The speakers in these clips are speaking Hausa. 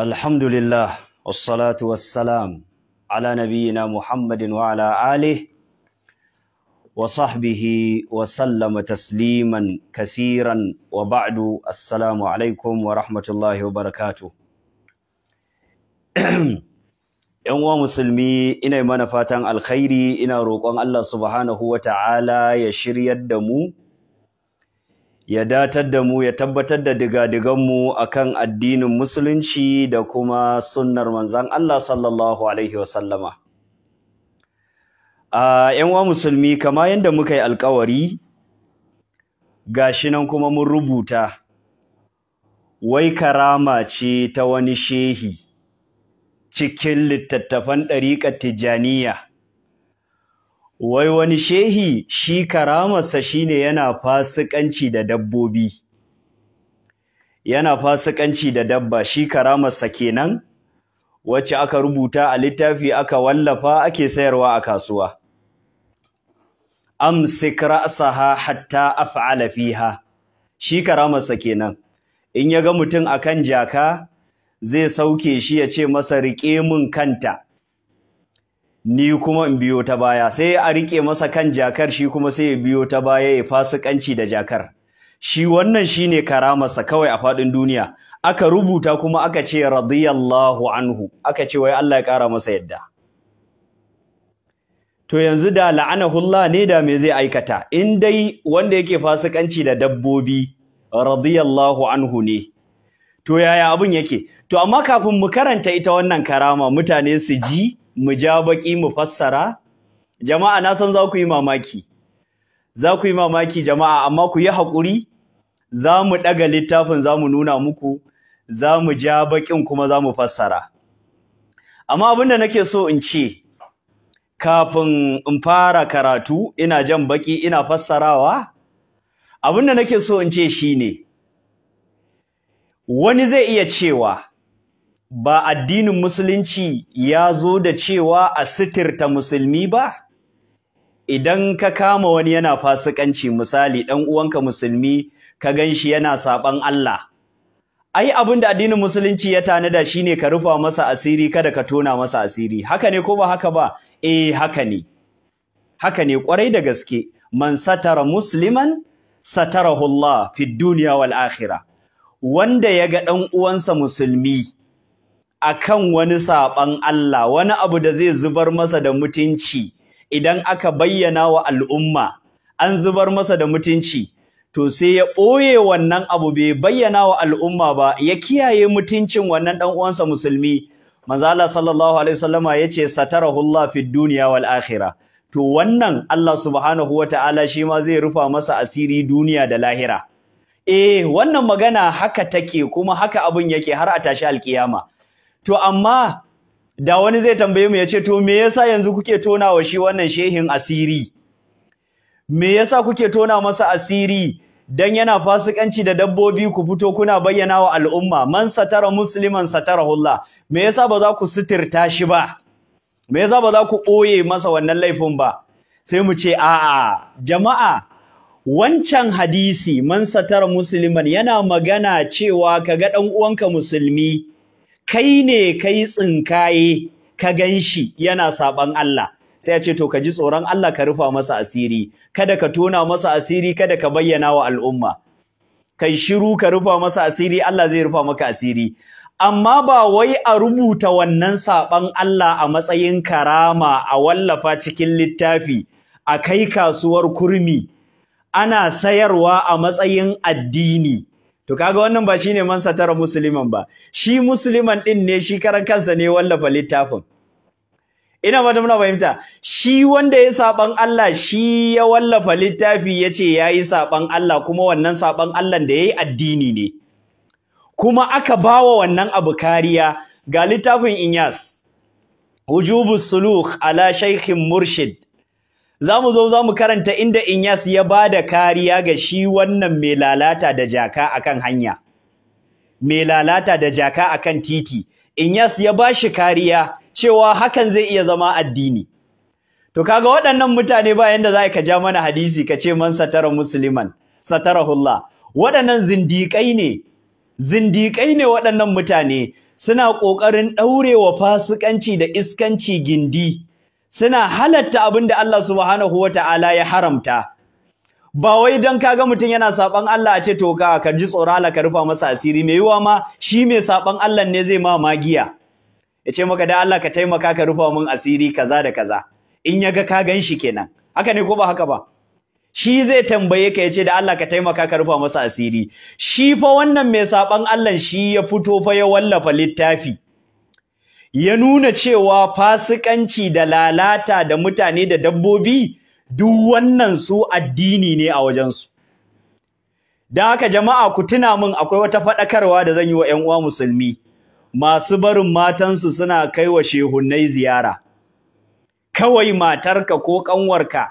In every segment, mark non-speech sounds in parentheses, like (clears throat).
Alhamdu lillah wassalam, ala na na Muhammadin wa ala wa sahbihi wa sallama tasliman kathiran wa ba'du, assalamu alaikum wa rahmatullahi wa barakatu. (clears throat) ‘Yan’uwa musulmi ina yi mana fatan alkhairi ina rokon Allah subhanahu wa ta’ala ya shiryar da mu’ ya datar da mu ya tabbatar da digadiganmu a kan addinin musulunci da kuma sunnar manzan Allah sallallahu Alaihi wasallama. A ‘yanwa musulmi, kama yadda muka yi alkawari, gashi nan kuma mun rubuta, wai karama ce ta wani shehi cikin littattafan ɗariƙar Tijjaniya. wai wani shehi shi karamarsa shine yana fasikanci da dabbobi yana fasikanci da dabba shi karamarsa kenan wacce aka rubuta a littafi aka wallafa ake sayarwa a kasuwa amsik ra'saha hatta af'ala fiha shi karamarsa kenan in ya ga mutum akan jaka zai sauke shi ya ce masa riƙe mun kanta ni kuma in biyo ta baya sai a rike masa kan jakar shi kuma sai ya biyo ta baya ya fasikanci da jakar shi wannan shine karamarsa kawai a faɗin duniya aka rubuta kuma aka ce radiyallahu anhu aka ce wai Allah ya ƙara masa yadda to yanzu da la'ana la'anahullah ne da me zai aikata in dai wanda yake fasikanci da dabbobi radiyallahu anhu ne to yaya abin yake to amma kafin mu karanta ita wannan karama mutane su ji mu ja baki mu fassara jama'a na san za ku yi mamaki za ku yi mamaki jama'a amma ku yi haƙuri za mu ɗaga littafin za mu nuna muku za mu ja baƙin kuma za mu fassara amma abin da nake so in ce kafin in fara karatu ina jan baƙi ina fassarawa abin da nake so in ce shine wani zai iya cewa ba addinin musulunci ya zo da cewa a sitirta musulmi ba idan ka kama wani yana fasikanci misali ɗan uwanka musulmi ka gan shi yana saɓan Allah ai abin da addinin musulunci ya tanada ne ka rufa masa asiri kada ka tona masa asiri haka ne ko ba haka ba eh haka ne haka ne kwarai da gaske man satara musliman satarahullah Allah fid wal akhira wanda yaga ɗan uwansa musulmi akan wani saɓan Allah wani abu da zai zubar masa da mutunci idan aka bayyana wa al'umma an zubar masa da mutunci to sai ya ɓoye wannan abu bai bayyana wa al'umma ba ya kiyaye mutuncin wannan ɗan uwansa musulmi manzo Allah sallallahu alaihi wasallama yace satarahullah fi dunya wal akhirah to wannan Allah subhanahu Ta'ala, shi ma zai rufa masa asiri duniya da lahira eh wannan magana haka take kuma haka abun yake har a tashi alkiyama to amma da wani zai tambaye mu ya ce to me yasa yanzu kuke tona wa shi wannan shehin asiri me yasa kuke tona masa asiri dan yana fasikanci da dabbobi ku fito kuna bayyana wa al'umma man satara musliman satarahullah me yasa ba za ku sitirta shi ba me yasa ba za ku ɓoye masa wannan laifin ba sai mu ce a'a jama'a wancan hadisi man satara musliman yana magana cewa kaga dan uwanka musulmi kai ne kai tsinkaye ka gan shi yana saban Allah sai ya ce to ka ji tsoron Allah ka rufa masa asiri kada ka tona masa asiri kada ka bayyana wa al'umma kai shiru ka rufa masa asiri Allah zai rufa maka asiri amma ba wai a rubuta wannan saban Allah a matsayin karama a wallafa cikin littafi a kai kasuwar kurmi ana sayarwa a matsayin addini to kaga wannan ba shine man satara musliman ba shi musliman din ne shi karan kansa ne wallafa littafin ina ba da muna fahimta shi wanda ya saban Allah shi ya wallafa littafi yace yayi saban Allah kuma wannan saban Allah da ya yi addini ne kuma aka bawa wannan abu kariya ga littafin Inyas wujubus suluk ala shaykhin murshid za mu zo za mu karanta inda Inyas ya ba da kariya ga shi wannan mai lalata da jaka akan hanya mai lalata da jaka akan titi Inyas ya ba shi kariya cewa hakan zai iya zama addini to kaga waɗannan mutane ba yanda za ka ja mana hadisi ka ce man satara musliman waɗannan zindiƙai ne zindiƙai ne waɗannan mutane suna ƙoƙarin ɗaurewa fasikanci da iskanci gindi suna halatta abin da Allah subhanahu ta'ala ya haramta ba wai dan kaga mutum yana saban Allah a ce to ka ka ji tsoro Allah ka rufa masa asiri mai yiwa ma shi mai saban Allah ne zai ma magiya ya ce maka da Allah ka taimaka ka rufa min asiri kaza da kaza in ya ga ka gan shi kenan haka ne ko ba haka ba shi zai tambaye ka ya ce da Allah ka taimaka ka rufa masa asiri shi fa wannan mai saban Allah shi ya fito fa ya wallafa littafi ya nuna cewa fasikanci da lalata da mutane da dabbobi duk wannan su addini ne a wajensu da haka jama'a ku tuna min akwai wata faɗakarwa da zan yi wa uwa musulmi masu barin matansu suna kai wa shehunnai ziyara kawai matarka ko ƙanwarka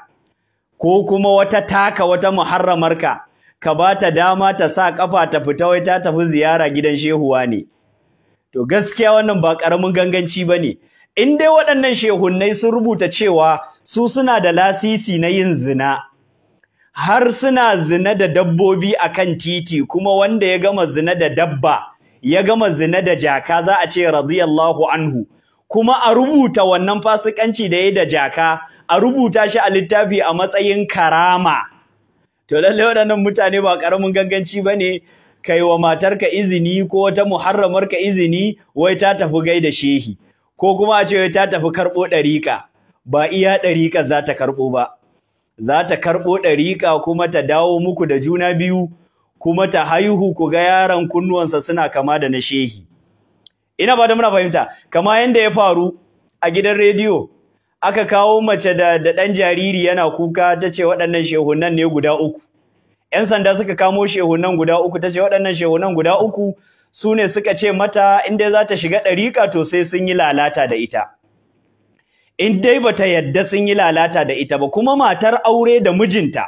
ko kuma wata taka wata muharramarka ka ba ta dama ta sa ƙafa ta fita wai ta tafi ziyara gidan shehuwa ne to gaskiya wannan ba ƙaramin ganganci ba ne in dai waɗannan shehunnai sun rubuta cewa su suna da lasisi na yin zina har suna zina da dabbobi a kan titi kuma wanda ya gama zina da dabba ya gama zina da jaka za a ce radiyallahu anhu kuma a rubuta wannan fasikanci da ya da jaka a rubuta shi a littafi a matsayin karama to lallai waɗannan mutane ba ƙaramin ganganci ba ne kai wa matarka izini ko wata muharramarka izini wai ta tafi gaida shehi ko kuma a ce wai ta tafi karɓo ɗarika? ba iya ɗarika za ta karɓo ba za ta karɓo ɗariƙa kuma ta dawo muku da juna biyu kuma ta haihu ku ga yaron kunnuwansa suna kama da na shehi ina ba da muna fahimta kama yanda ya faru a gidan rediyo aka kawo mace da da ɗan jariri yana kuka ta ce waɗannan shehunan ne guda uku 'yan sanda suka kamo shehunan guda uku ta ce waɗannan shehunan guda uku su ne suka ce mata in dai za ta shiga ɗariƙa to sai sun yi lalata da ita in dai ba ta yadda sun yi lalata da ita ba kuma matar aure da mijinta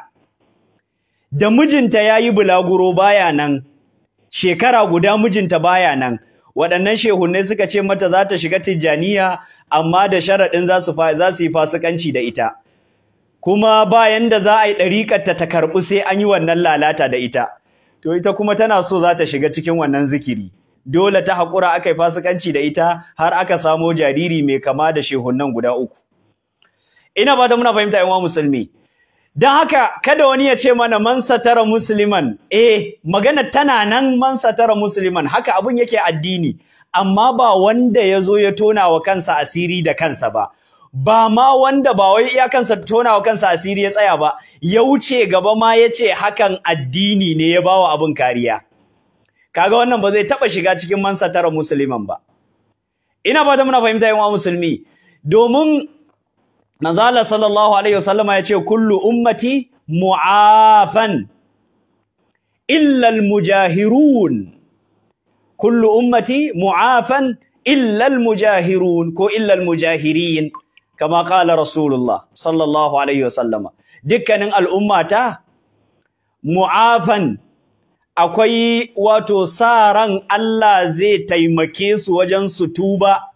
da mijinta ya yi bulaguro baya nan shekara guda mijinta baya nan waɗannan shehunai suka ce mata za ta shiga tijjaniya amma da sharaɗin za su yi fasikanci da ita kuma bayan da za a yi ɗariƙarta ta karɓu sai an yi wannan lalata da ita to ita kuma tana so za ta shiga cikin wannan zikiri dole ta haƙura aka yi fasikanci da ita har aka samo jariri mai kama da shehunan guda uku ina ba da muna fahimta yan musulmi don haka kada wani ya ce mana man satara Musulman' eh magana tana nan man satara Musulman haka abun yake addini amma ba wanda ya zo ya tona wa kansa asiri da kansa ba ba ma wanda ba wai iyakansa tona wa kansa asiri ya tsaya ba ya wuce gaba ma ya ce hakan addini ne ya bawa abin kariya kaga wannan ba zai taɓa shiga cikin tara musulman ba ina fata muna fahimta yan musulmi domin manzo sallallahu alaihi wasallam ya ce kullu ummati mu'afan illal almujahirun kullu ummati mu'afan illa almujahirun ko illa almujahirin kama kala rasulullah sallallahu alaihi wasallama dukkanin al'ummata mu'afan akwai wato sa ran Allah zai taimake su wajen su tuba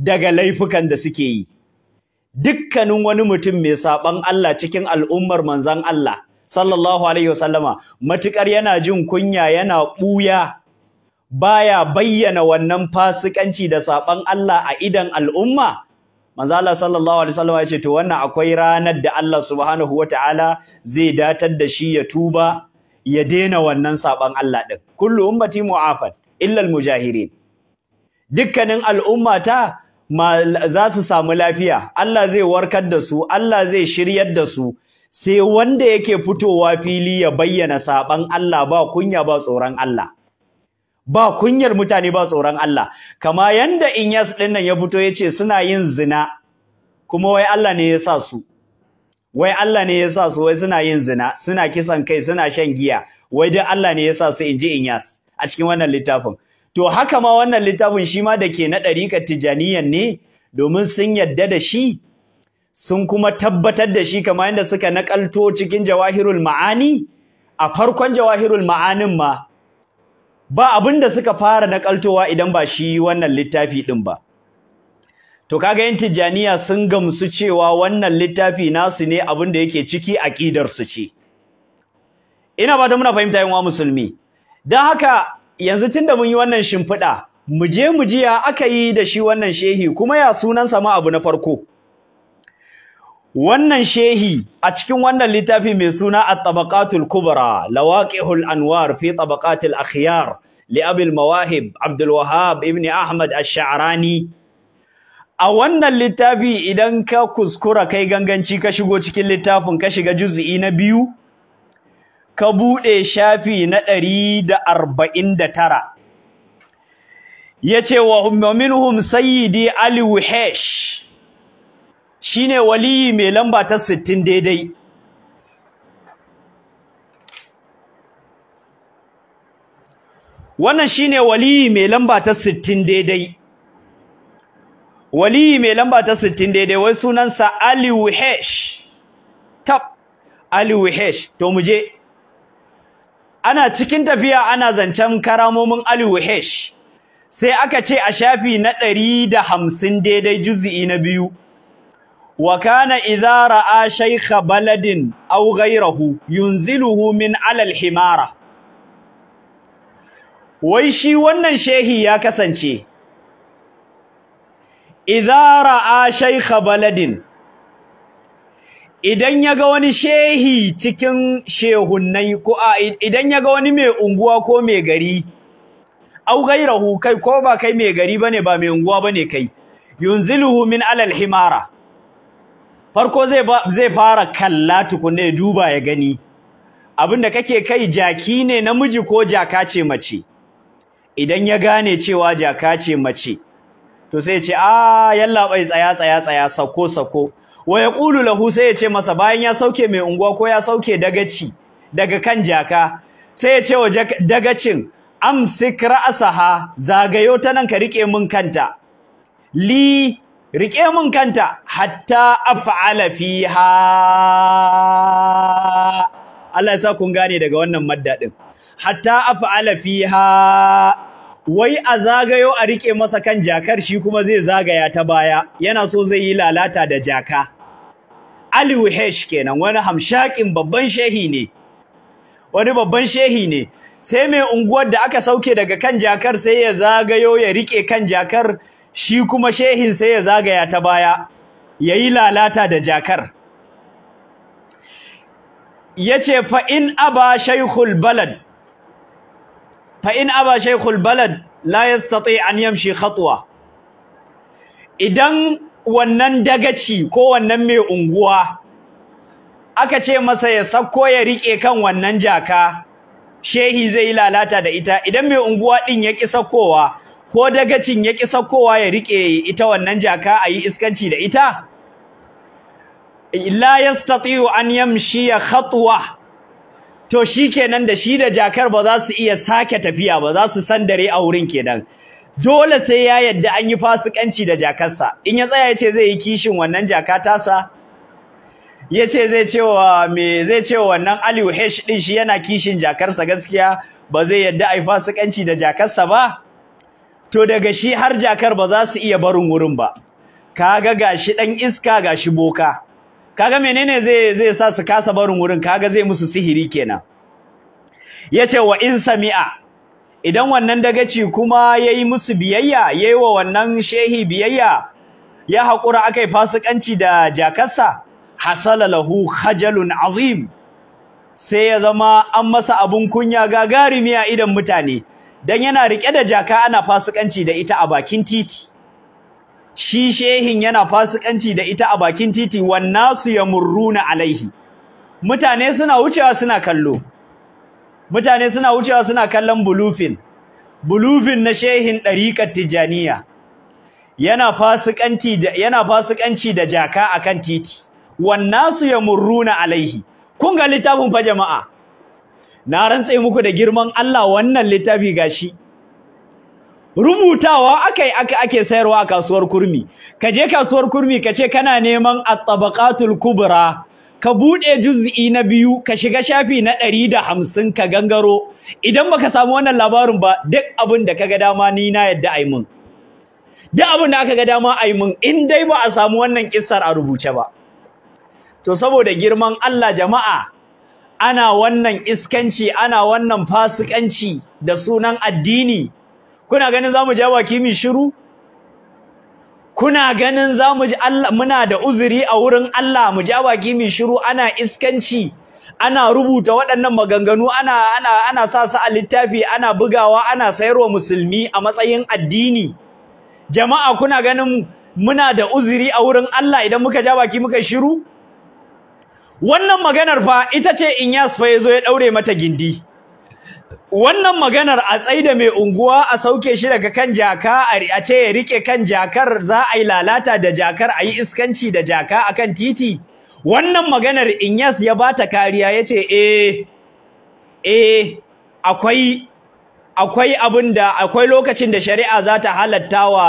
daga laifukan da suke yi dukkanin wani mutum mai saɓan Allah cikin al'ummar manzon Allah sallallahu alaihi wasallama matuƙar yana jin kunya yana ɓuya baya bayyana wannan fasikanci da saɓan Allah a idan al'umma manzo Allah sallallahu alaihi wasallam ya ce to wannan akwai ranar da Allah subhanahu wataala zai datar da shi ya tuba ya daina wannan saban Allah din kullu ummati mu'afan illa almujahirin dukkanin al'ummata za su samu lafiya Allah zai warkar da su Allah zai shiryar da su sai wanda yake fitowa fili ya bayyana saban Allah ba kunya ba tsoron Allah ba kunyar mutane ba tsoron Allah kama yanda Inyas din nan ya fito yace suna yin zina kuma wai Allah ne ya sa su wai Allah ne ya sa su wai suna yin zina suna kisan kai suna shan giya wai dai Allah ne ya sa su inji Inyas a cikin wannan littafin to haka ma wannan littafin shi ma da ke na ɗarikar tijaniyan ne domin sun yadda da shi sun kuma tabbatar da shi kama yanda suka nakalto cikin jawahirul ma'ani a farkon jawahirul ma'anin ma ba abin da suka fara nakaltowa idan ba shi wannan littafi din ba to kaga yin tijaniya sun gamsu cewa wannan littafi nasu ne abin da yake ciki aqidar su ce ina ba ta muna fahimta yin wa musulmi dan haka yanzu tunda mun yi wannan shimfiɗa mu je mu jiya aka yi da shi wannan shehi kuma ya sunansa ma abu na farko wannan shehi a cikin wannan littafi mai suna at-tabaqatul kubra lawaqihul anwar fi tabaqatil akhyar li abil mawahib abdul wahhab ibn ahmad ash-sha'rani a wannan littafi idan ka kuskura kai ganganci ka shigo cikin littafin ka shiga juz'i na biyu ka buɗe shafi na ɗari da da arba'in 149 yace wa minhum sayyidi ali wahesh shine waliyi mai lamba ta 60 daidai wannan shine waliyi mai lamba ta 60 daidai waliyi mai lamba ta 60 daidai wai sunansa Ali Wahesh tab Ali Wahesh to muje ana cikin tafiya ana zancen karamomin Ali Wahesh sai aka ce a shafi na 150 daidai juz'i na biyu wa kana idza ra'a shaykha baladin aw ghayrahu yunziluhu min alal himara wai shi wannan shehi ya kasance idza ra'a shaykha baladin idan ya ga wani shehi cikin shehunnai ko idan ya ga wani mai unguwa ko mai gari au gairahu kai ko ba kai mai gari bane ba mai unguwa bane kai yunziluhu min alal himara farko zai zai fara kalla ya duba ya gani Abin da kake kai jaki ne namiji ko jaka ce mace idan ya gane cewa jaka ce mace to sai ya ce a yalla bai tsaya tsaya tsaya sako sako wa yaqulu lahu sai ya ce masa bayan ya sauke mai unguwa ko ya sauke dagaci daga kan jaka sai ya ce wa dagacin amsik ra'saha zagayo ta nan ka rike min kanta li rike mun kanta hatta af'ala fiha Allah ya sa kun gane daga wannan madda din hatta af'ala fiha wai a zagayo a riƙe masa kan jakar shi kuma zai zagaya ta baya yana so zai yi lalata da jaka Ali hesh kenan wani hamshakin babban shehi ne wani babban shehi ne sai mai unguwar da aka sauke daga kan jakar sai ya zagayo ya riƙe kan jakar shi kuma shehin sai ya zagaya ta baya yayi lalata da jakar yace fa in aba shaykhul balad fa in aba shaykhul balad la yastati an yamshi khatwa idan wannan dagaci ko wannan mai unguwa aka ce masa ya sako ya riƙe kan wannan jaka shehi zai lalata da ita idan mai unguwa ɗin ya ki sakowa ko dagacin ya ki saukowa ya rike ita wannan jaka a yi iskanci da ita la yastati'u an ya khatwa to shikenan da shi da jakar ba za su iya sake tafiya ba za su dare a wurin kenan dole sai ya yadda an yi fasikanci da jakarsa in ya tsaya yace zai yi kishin wannan jaka tasa yace zai cewa me zai cewa wannan Aliyu H din shi yana kishin jakarsa gaskiya ba zai yadda a yi fasikanci da jakarsa ba to daga shi har jakar ba za su iya barin wurin ba kaga gashi ɗan iska gashi boka kaga menene zai zai sa su kasa barin wurin kaga zai musu sihiri kenan yace wa in sami'a idan wannan dagaci kuma yayi musu biyayya yayi wa wannan shehi biyayya ya haƙura akai fasikanci da jakarsa hasala lahu khajalun azim sai ya zama an masa abun kunya gagarimi a idan mutane dan yana rike da jaka ana fasikanci da ita a bakin titi shi shehin yana fasikanci da ita a bakin titi wannasu yamurruna alaihi mutane suna wucewa suna kallo mutane suna wucewa suna kallon bulufin bulufin na shehin dariqat tijaniya yana fasikanci da yana fasikanci da jaka akan titi wannasu murruna alaihi kun ga littafin fa jama'a na rantse muku da girman Allah wannan littafi gashi rubutawa akai aka ake sayarwa a kasuwar kurmi ka je kasuwar kurmi ka ce kana neman at-tabaqatul kubra ka bude juz'i na biyu ka shiga shafi na 150 ka gangaro idan baka samu wannan labarin ba duk abin da kaga dama ni na yadda ai mun duk abin da aka ga dama ai mun in dai ba a samu wannan kissar a rubuce ba to saboda girman Allah jama'a ana wannan iskanci ana wannan fasikanci da sunan addini kuna ganin zamu ja baki mi shiru kuna ganin zamu ji Allah muna da uzuri a wurin Allah mu ja baki mi shiru ana iskanci ana rubuta waɗannan maganganu ana ana ana sa su a littafi ana bugawa ana sayarwa musulmi a matsayin addini jama'a kuna ganin muna da uzuri a wurin Allah idan muka ja baki muka shiru wannan maganar fa ita ce Inyas fa yazo ya daure mata gindi wannan maganar a tsaida mai unguwa a sauke shi daga kan jaka a ce ya rike kan jakar za a yi lalata da jakar a yi iskanci da jaka a kan titi wannan maganar Inyas ya bata kariya yace eh eh akwai akwai abin da akwai lokacin da shari'a za ta halatta wa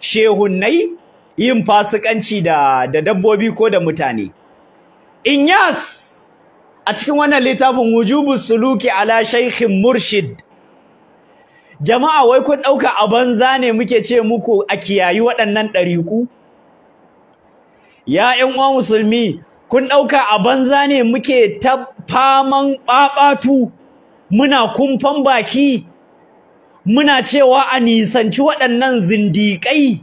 shehunnai yin fasikanci da da dabbobi ko da mutane inyas a cikin wannan littafin wujubu suluki ala shaykhin murshid jama'a wai kun dauka a banza ne muke ce muku a kiyayi waɗannan ɗariku ya ƴan uwan musulmi kun dauka a banza ne muke ta faman babatu muna kumfan baki muna cewa a nisanci waɗannan zindiƙai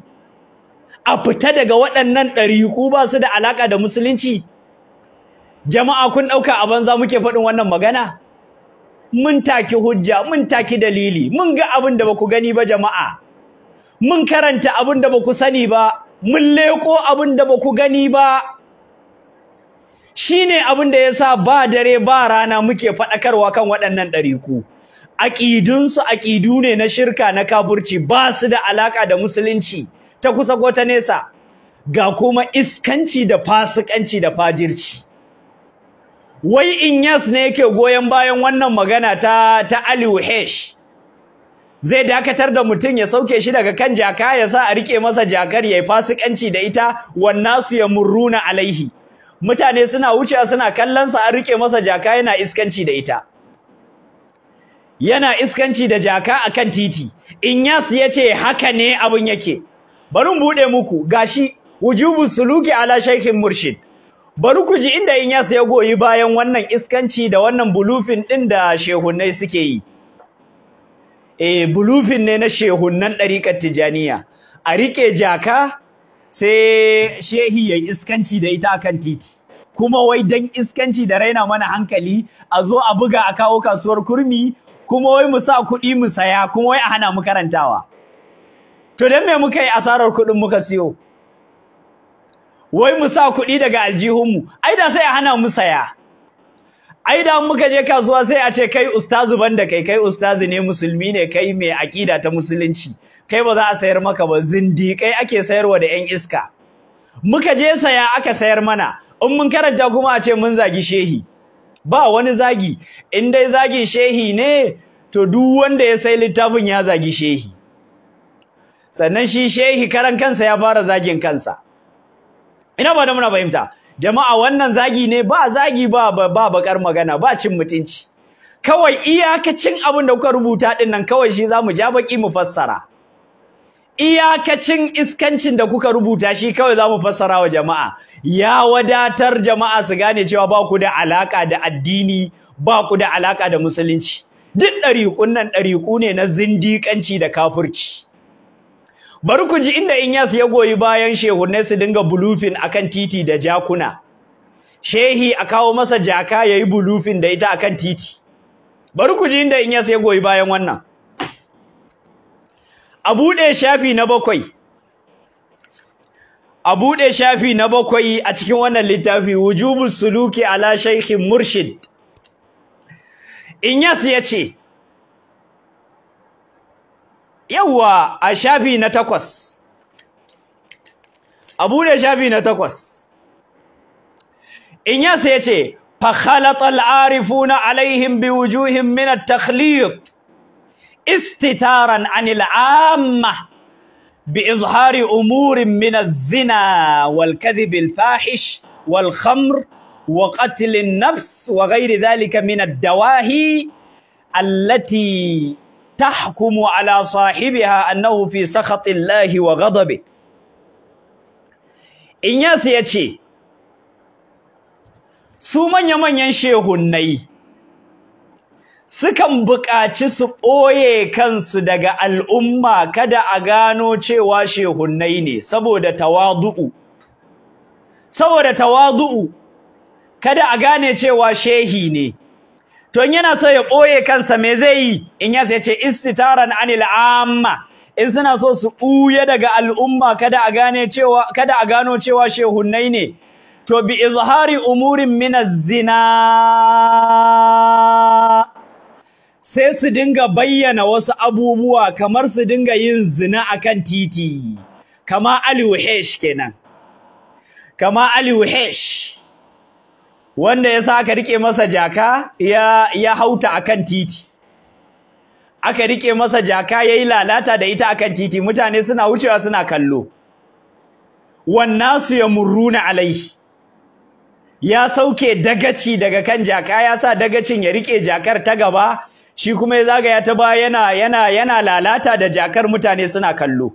a fita daga waɗannan ɗariku ba su da alaka da musulunci jama'a kun ɗauka a banza muke faɗin wannan magana mun taki hujja mun taki dalili mun ga abin da baku gani ba jama'a mun karanta abin da baku sani ba mun leko abin da baku gani ba shine abin da yasa ba dare ba rana muke faɗakarwa kan waɗannan ɗariku su aƙidu ne na shirka na kafurci ba su da alaƙa da musulunci ta kusa ko nesa ga kuma iskanci da fasikanci da fajirci wai in Inyas ne yake goyon bayan wannan magana ta ta Ali Wahesh zai dakatar da mutum ya sauke shi daga kan jaka ya sa a rike masa jakar yayi fasikanci da ita wannasu ya muruna alaihi mutane suna wucewa suna kallon sa an rike masa jaka yana iskanci da ita yana iskanci da jaka akan titi Inyas yace haka ne abun yake bari mu bude muku gashi wujubu suluki ala shaykhin murshid bari ku ji inda in ya goyi bayan wannan iskanci da wannan bulufin ɗin da shehunnai suke yi eh bulufin ne na shehunnan ɗariƙar tijaniya a riƙe jaka sai shehi yayi iskanci da ita akan titi kuma wai dan iskanci da raina mana hankali a zo a buga a kawo kasuwar kurmi kuma wai mu sa kuɗi mu saya kuma wai a hana mu karantawa to dan me muka yi asarar kuɗin muka siyo wai mu sa kuɗi daga aljihunmu ai da sai a hana mu saya ai da muka je kasuwa sai a ce kai ustazu banda kai kai ustazu ne musulmi ne kai mai aƙida ta musulunci kai ba za a sayar maka ba zindiƙai ake sayarwa da 'yan iska muka je saya aka sayar mana in mun karanta kuma a ce mun zagi shehi ba wani zagi in dai zagin shehi ne to duk wanda ya sai littafin ya zagi shehi sannan shi shehi karan kansa ya fara zagin kansa ina ba da muna fahimta jama'a wannan zagi ne ba zagi ba ba bakar magana ba cin mutunci kawai iyakacin abin da kuka rubuta din nan kawai shi zamu ja baki mu fassara iyakacin iskancin da kuka rubuta shi kawai zamu fassara wa jama'a ya wadatar jama'a su gane cewa ba ku da alaka da addini ba ku da alaka da musulunci duk ɗariƙun nan ɗariƙu ne na zindiƙanci da kafurci bari ku ji inda Inyas ya goyi bayan shehunai su dinga bulufin akan titi da jakuna shehi a kawo masa jaka yayi bulufin da ita akan titi bari ku ji inda Inyas ya goyi bayan wannan a buɗe shafi na bakwai a buɗe shafi na bakwai a cikin wannan littafi wujubul suluki ala shaykhin murshid Inyas ya ce yawa a shafi na takwas abu da shafi na takwas in ya sai ce فخلط العارفون عليهم بوجوههم من التخليط استتارا عن العامة بإظهار أمور من الزنا والكذب الفاحش والخمر وقتل النفس وغير ذلك من الدواهي التي تحكم على صاحبها أنه في سخط الله وغضبه in yasa ya ce su manya-manyan shehunnai sukan buƙaci su ɓoye kansu daga al'umma kada a gano cewa shehunnai ne saboda tawadu'u saboda tawadu'u kada a gane cewa shehi ne to in yana so ya ɓoye kansa me zai yi in ya ce istitaran anil amma in suna so su ɓuya daga al'umma kada a gano cewa shehunnai ne to bi izhari umurin min zina sai su dinga bayyana wasu abubuwa kamar su dinga yin zina akan titi kama Ali hesh kenan kama Aliyu Hesh. wanda ya sa aka rike masa jaka ya ya hauta akan titi aka rike masa jaka yayi lalata da ita akan titi mutane suna wucewa suna kallo wannasu muruna alaihi ya sauke dagaci daga kan jaka ya sa dagacin ya rike jakar ta gaba shi kuma ya zagaya ta baya yana yana yana lalata da jakar mutane suna kallo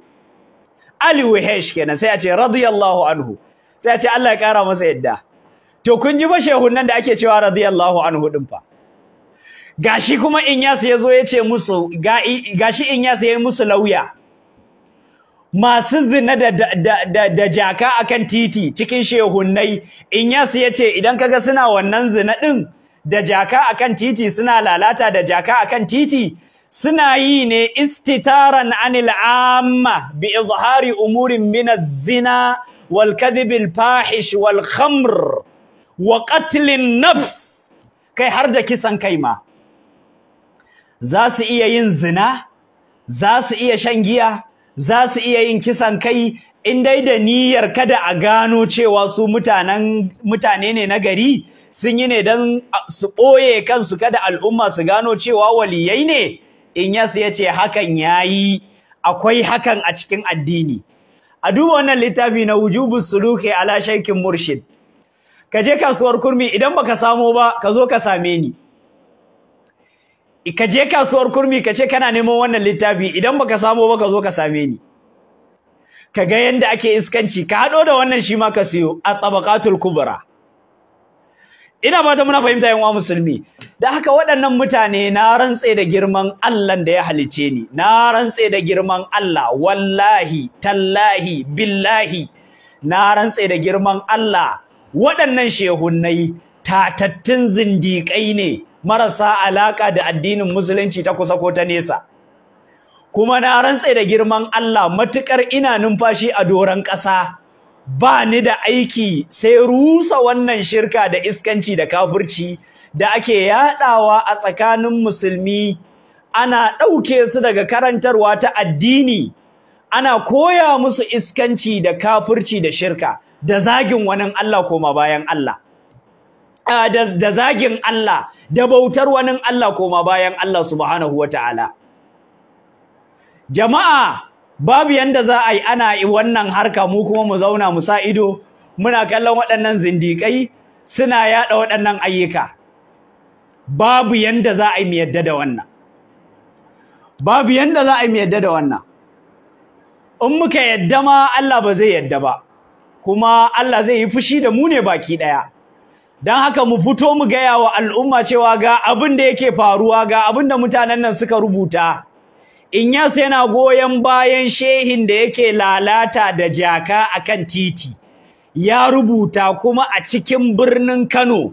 Ali Wahesh kenan sai a ce radiyallahu anhu sai a ce Allah ya kara masa yadda to kun ji ba shehun nan da ake cewa radiyallahu anhu din fa gashi kuma Inyas ya zo ya ce musu gashi Inyas ya yi musu lauya masu zina da, da, da, da, jaka akan titi cikin shehunnai Inyas ya ce idan kaga suna wannan zina ɗin da jaka akan titi suna lalata da jaka akan titi suna yi ne istitaran anil amma bi izhari umurin min zina wal kadhib fahish wal khamr wa qatlin nafs kai har da kisan kai ma za su iya yin zina za su iya shan giya za su iya yin kisan kai in dai da niyyar kada a gano cewa su mutanen mutane ne na gari sun yi ne don su ɓoye kansu kada al'umma su gano cewa waliyai ne in yas ya ce hakan ya yi akwai hakan a cikin addini a duba wannan littafi na wujubu suluke ala shaikin murshid ka je kasuwar kurmi idan baka samo ba ka zo ka same ni ka je kasuwar kurmi ka ce kana neman wannan littafi idan baka samo ba ka zo ka same ni ka ga yanda ake iskanci ka haɗo da wannan shi ma ka siyo a tabaqatul kubra ina ta muna fahimta yan uwa musulmi da haka waɗannan mutane na rantse da girman Allah da ya halice ni na rantse da girman Allah wallahi tallahi billahi na rantse da girman Allah waɗannan shehunnai tatattun zindiƙai ne marasa alaƙa da addinin musulunci ta kusa ko ta nesa kuma na rantse da girman Allah matuƙar ina numfashi a doron ƙasa ba ni da aiki sai rusa wannan shirka da iskanci da kafurci da ake yaɗawa a tsakanin musulmi ana ɗauke su daga karantarwa ta addini ana koya musu iskanci da kafurci da shirka da zagin wani Allah koma bayan Allah ah, da zagin Allah da bautar wani Allah koma bayan Allah subhanahu wataala jama'a babu yanda za a yi ana wannan harka mu kuma mu zauna mu sa ido muna kallon waɗannan zindiƙai suna yaɗa waɗannan ayyuka babu yanda za a yi mu yadda da wannan babu yanda za a yi mu yadda da wannan in muka yadda ma Allah ba zai yadda ba kuma Allah zai yi fushi da mu ne baki daya dan haka mu fito mu gaya wa al'umma cewa ga abin da yake faruwa ga abin da mutanen nan suka rubuta Inyas yana goyon bayan shehin da yake lalata da jaka akan titi ya rubuta kuma a cikin birnin Kano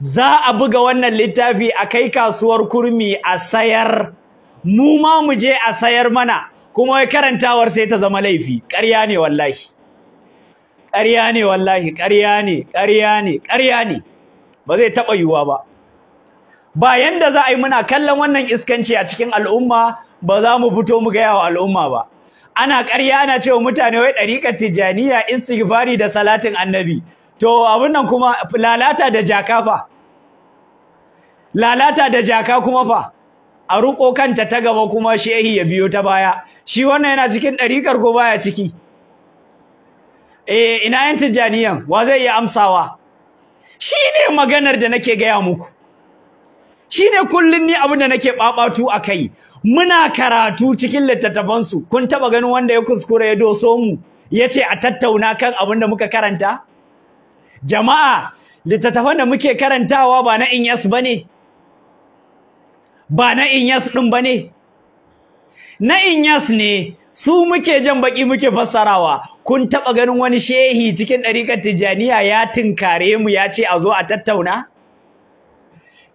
za a buga wannan littafi a kai kasuwar kurmi a sayar mu ma mu je a sayar mana kuma karantawar sai ta zama laifi ƙarya ne wallahi ƙarya ne wallahi ƙarya ne ƙarya ne ƙarya ne ba zai taɓa yiwuwa ba ba yanda za a yi muna kallon wannan iskanci a cikin al'umma ba za mu fito mu gaya wa al'umma ba ana ƙarya ana cewa mutane wai ɗariƙar tijjaniya istighfari da salatin annabi to abin nan kuma lalata da jaka fa lalata da jaka kuma fa a ruƙo kanta ta gaba kuma shehi ya biyo ta baya shi wannan yana cikin ɗariƙar ko baya ciki eh ina yan tijaniyan wa zai iya amsawa Shi ne maganar da nake gaya muku shine kullun ni abin da nake a kai. muna karatu cikin littattafan su kun taɓa ganin wanda ya kuskura ya doso mu ya ce a tattauna kan abin da muka karanta jama'a littattafan da muke karantawa ba na inyas bane ba na inyas din bane na inyas ne su muke jan baki muke fassarawa kun taba ganin wani shehi cikin ɗarikar tijaniya ya tinkare mu ya ce a zo a tattauna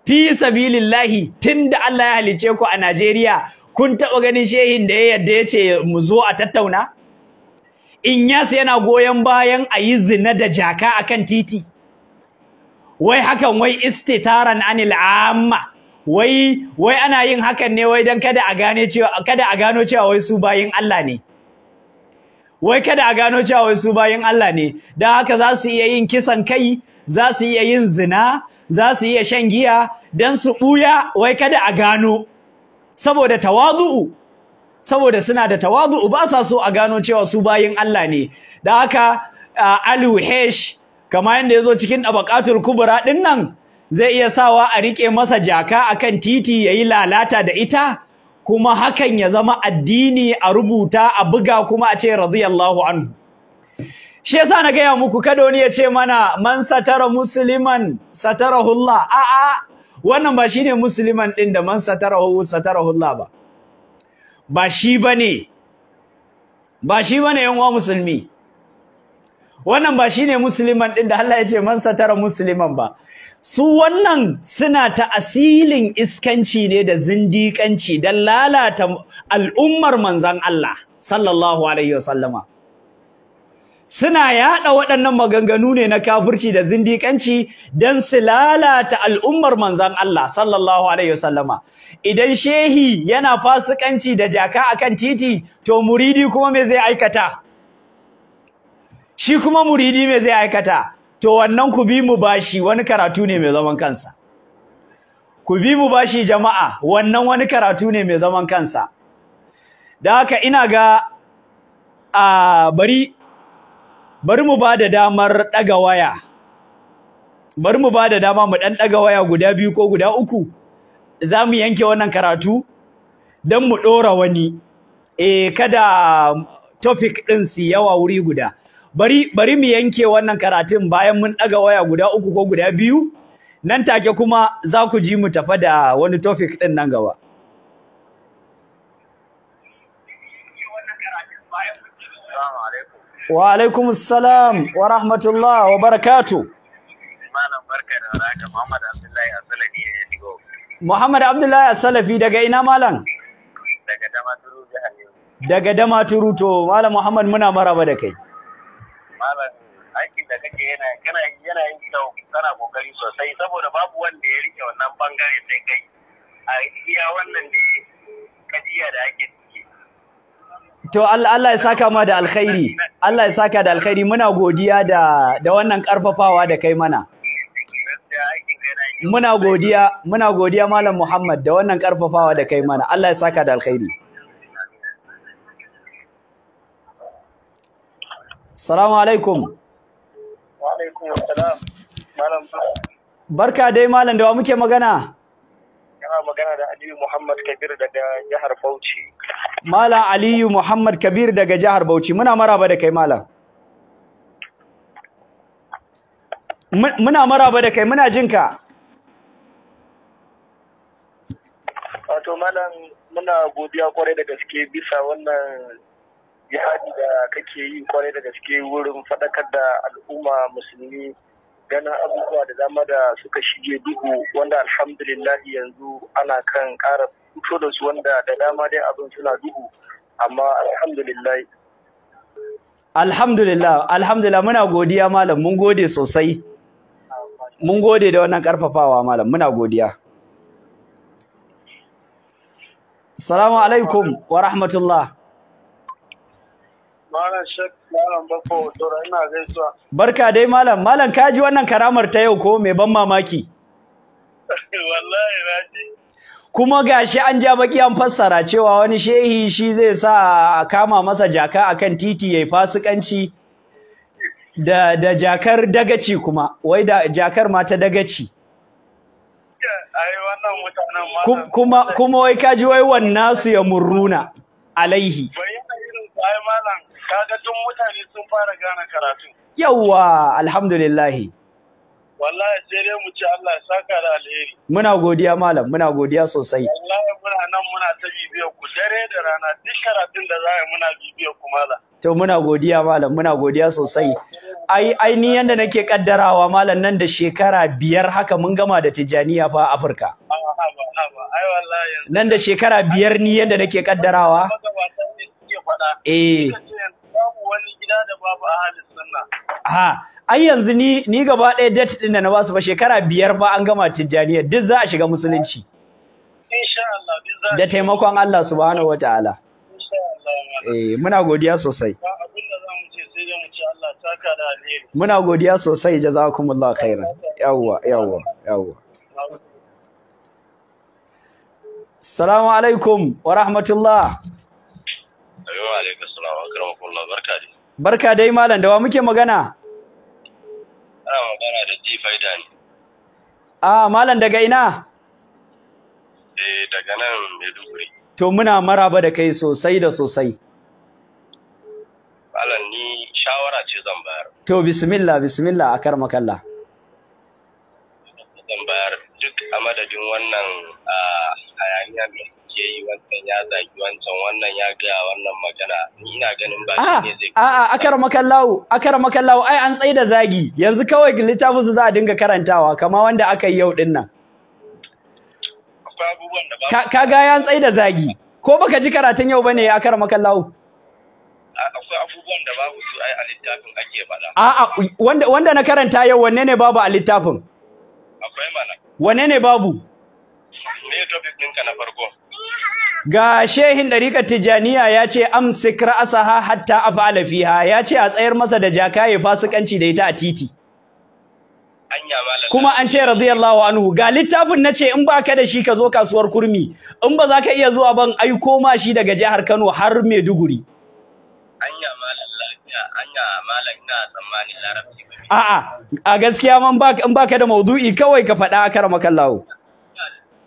fi sabilillahi tunda Allah ya halice ku a Najeriya kun taba ganin shehin da ya yadda ya ce mu zo a tattauna Inyas yana goyon bayan a yi zina da jaka akan titi wai hakan wai istitaran anil amma wai wai ana yin hakan ne wai dan kada a gane cewa kada a gano cewa wai su bayin Allah ne wai kada a gano cewa wai su bayin Allah ne dan haka za su iya yin kisan kai za su iya yin zina za su iya shan giya dan su buya wai kada a gano saboda saboda suna da tawadu'u ba sa so a gano cewa su bayin Allah ne dan haka ah, aluhesh yadda ya zo cikin dabaqatul kubra din nan zai iya sawa a rike masa jaka akan titi ya yi lalata da ita kuma hakan ya zama addini a rubuta a buga kuma a ce radiyallahu anhu shi yasa na gaya muku kada wani ya ce mana man satara musliman satarahullah a'a wannan ba shine musliman din da man satarahu satarahullah ba ba shi bane ba shi bane yan uwa musulmi wannan ba shine musliman din da Allah ya ce man satara musliman ba su wannan suna ta asilin iskanci ne da zindiƙanci don lalata al'ummar manzan Allah sallallahu alaihi wasallama suna yaɗa waɗannan maganganu ne na kafirci da zindiƙanci don su lalata al'ummar manzan Allah sallallahu alaihi wasallama idan shehi yana fasikanci da jaka akan titi to muridi kuma me zai aikata shi kuma muridi me zai aikata to wannan ku bi mu bashi wani karatu ne mai zaman kansa ku bi mu bashi jama'a wannan wani karatu ne mai zaman kansa da haka ina ga a bari bari mu ba da damar ɗaga waya bari mu ba da dama mu ɗan ɗaga waya guda biyu ko guda uku za mu yanke wannan karatu don mu ɗora wani e kada topic ɗin su yawa wuri guda bari bari mu yanke wannan karatun bayan mun daga waya guda uku ko guda biyu nan take kuma za ku ji mu tafa da wani topic din nan gaba wa alaikum salam wa rahmatullah wa barakatu Muhammad Abdullahi Asalafi daga ina malam daga Damaturu to malam Muhammad muna maraba da kai malam aikin da kake yana kana yana yin kyau kana kokari sosai saboda babu wanda ya rike wannan bangare sai kai a iya wannan da kadiya da ake ciki to Allah ya saka ma da alkhairi Allah ya saka da alkhairi muna godiya da da wannan karfafawa da kai mana muna godiya muna godiya malam Muhammad da wannan karfafawa da kai mana Allah ya saka da alkhairi Salamu alaikum. Wa alaikum assalam. Malam Barka dai malam da wa muke magana? Yana magana da Aliyu Muhammad Kabir daga jihar Bauchi. Malam Aliyu Muhammad Kabir daga jihar Bauchi. Muna maraba da kai malam. Muna maraba da kai muna jinka. Wato malam muna godiya kwarai da gaske bisa wannan jihadi da kake yi kwarai da gaske wurin faɗakar da al'umma musulmi ganin abubuwa da dama da suka shige duhu wanda alhamdulillah yanzu ana kan ƙara fito da su wanda da dama dai abin suna duhu amma alhamdulillah alhamdulillah alhamdulillah muna godiya malam mun gode sosai mun gode da wannan karfafawa malam muna godiya Salamu alaikum wa rahmatullah. Barka dai Malam, Malam ka ji wannan karamar ta yau ko mai ban mamaki? (laughs) Wallahi na ji. Kuma gashi an ja baki an fassara cewa wani shehi shi zai sa a kama masa jaka akan titi ya yi fasikanci da da jakar dagaci kuma, wai da jakar ma dagaci. Kuma kuma wai kaji wai wannan su ya murruna alaihi. Bai duk mutane sun fara gane karatu. Yawwa alhamdulillahi. Wallahi sai dai mu ci Allah ya saka da alheri. Muna godiya malam, muna godiya sosai. Wallahi muna nan muna ta bibiyar ku dare da rana duk karatun da za a yi muna bibiyar ku malam. To muna godiya malam, muna godiya sosai. Ai ai ni yanda nake kaddarawa malam nan da shekara biyar haka mun gama da Tijaniya fa Afirka. Ah, nan da shekara biyar ni yanda nake kaddarawa. Eh. ahlus sunna ha ai yanzu ni ni gaba ɗaya date din da na basu ba shekara biyar ba an gama tijjaniya duk za a shiga musulunci insha Allah duk za da taimakon Allah subhanahu wataala insha Allah eh muna godiya sosai Muna godiya sosai jazakumullah khairan. Yawwa yawwa yawwa. Assalamu alaikum wa rahmatullah. Barka dai malam da wa muke magana? Ana magana da G Faida ne. Ah malam daga ina? Eh daga nan Maiduguri. To muna maraba da kai sosai da sosai. Malam ni shawara ce zan bayar. To bismillah bismillah a karma kallah. Zan bayar duk a madadin wannan ah, hayaniya mai wancan ya zagi wancan wannan ya gaya wannan magana ni ina ganin ba ah, ne zai ah, a a akara makallawo akara makallawo ai an da zagi yanzu kawai littafin su za a dinga karantawa kama wanda aka yi yau din nan ka ga ya da zagi ko baka ji karatun yau bane akara makallawo akwai abubuwan da babu su ai a littafin ake faɗa a'a wanda wanda na karanta yau wanne ne babu a littafin akwai mana wanne ne babu me topic ɗinka na farko ga shehin dariƙar tijaniya ya ce amsik ra'asaha hatta af'ala fiha ya ce a tsayar masa da jaka ya fasikanci da ita a titi kuma an ce radiyallahu anhu ga littafin na ce in ba ka da shi ka zo kasuwar kurmi in ba za ka iya zuwa ban aiko ma shi daga jihar Kano har Maiduguri a'a a gaskiya man in ka da maudu'i kawai ka faɗa a karamakallahu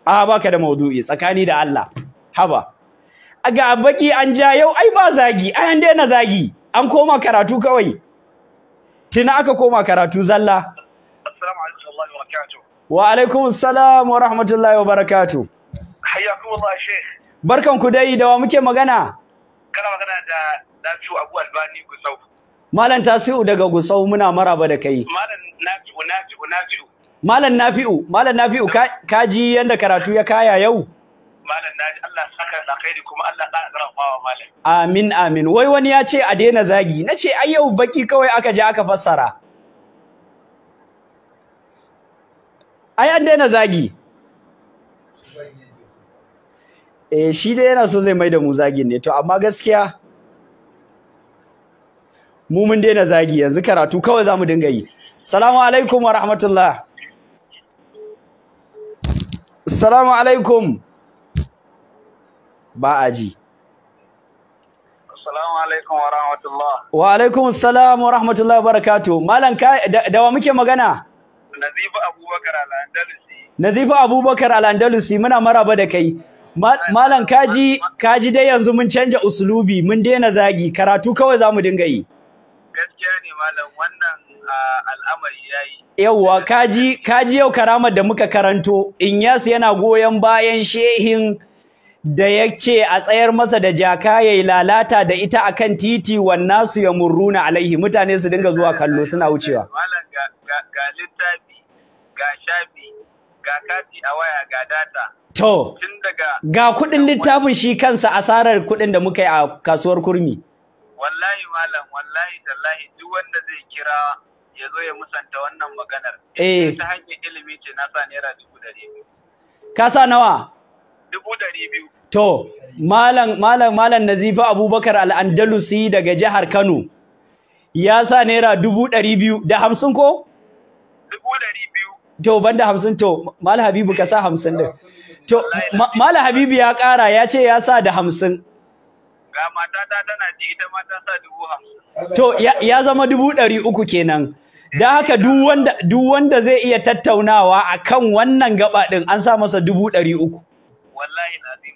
a ka da maudu'i tsakani da Allah haba ga baki an ja yau ai ba zagi ai an daina zagi an koma karatu kawai tina aka koma karatu zalla assalamu alaikum wa barakatuh wa alaikum assalam wa rahmatullahi wa barakatuh hayyakum Allah sheikh barkan ku dai da wa muke magana kana magana da Nafi'u Abu Albani Gusau Malam Tasiu daga Gusau muna maraba da kai Malam Nafi'u Nafi'u Nafi'u Malam Nafi'u Malam Nafi'u ka ji yanda karatu ya kaya yau malam ji Allah saka na kai kuma Allah ƙara zarafawa malam amin amin wai wani ya ce a daina zagi na ce ai yau baki kawai aka je aka fassara ai an daina zagi eh shi dai yana so zai mai da mu zagin ne to amma gaskiya mu mun daina zagi yanzu karatu kawai za mu dinga yi salamu alaikum wa rahmatullah salamu alaikum ba a ji wa alaikun Wa wa rahmatullahi wa barakatuh Malam ka da wa muke magana Nazifu Abubakar Al-Andalusi Nazifu Abubakar Al-Andalusi muna maraba da kai Malam kaji kaji dai yanzu mun canja usulubi mun daina zagi karatu kawai zamu dinga yi Gaskiya ne malam wannan al'amari yayi Yawwa kaji kaji yau karamar da muka karanto in Inyas yana goyon bayan shehin da ya ce a tsayar masa da jaka ya yi lalata da ita a kan titi wannan su ya murruna alaihi mutane su dinga zuwa kallo suna wucewa. Ga littafi, ga shafi, ga kati a waya ga data. To, ga kuɗin littafin shi kansa asarar kuɗin da muka yi a kasuwar kurmi. Wallahi malam, wallahi tallahi duk wanda zai kira ya zo ya musanta wannan maganar. Eh. Ta hanyar ilimi ce na sa naira dubu ɗari biyu. Ka sa nawa? Dubu ɗari biyu. to malam malam malam nazifa abubakar al-andalusi daga jihar kano ya sa naira dubu ɗari biyu da hamsin ko dubu ɗari biyu to banda hamsin to Malam habibu ka sa hamsin din to Malam habibu ya ƙara ya ce ya sa da hamsin ga matata tana ji ita ma ta sa dubu hamsin to ya zama dubu ɗari uku kenan Da haka duk wanda duk wanda zai iya tattaunawa akan wannan gaba din an sa masa dubu ɗari uku. Wallahi lazim.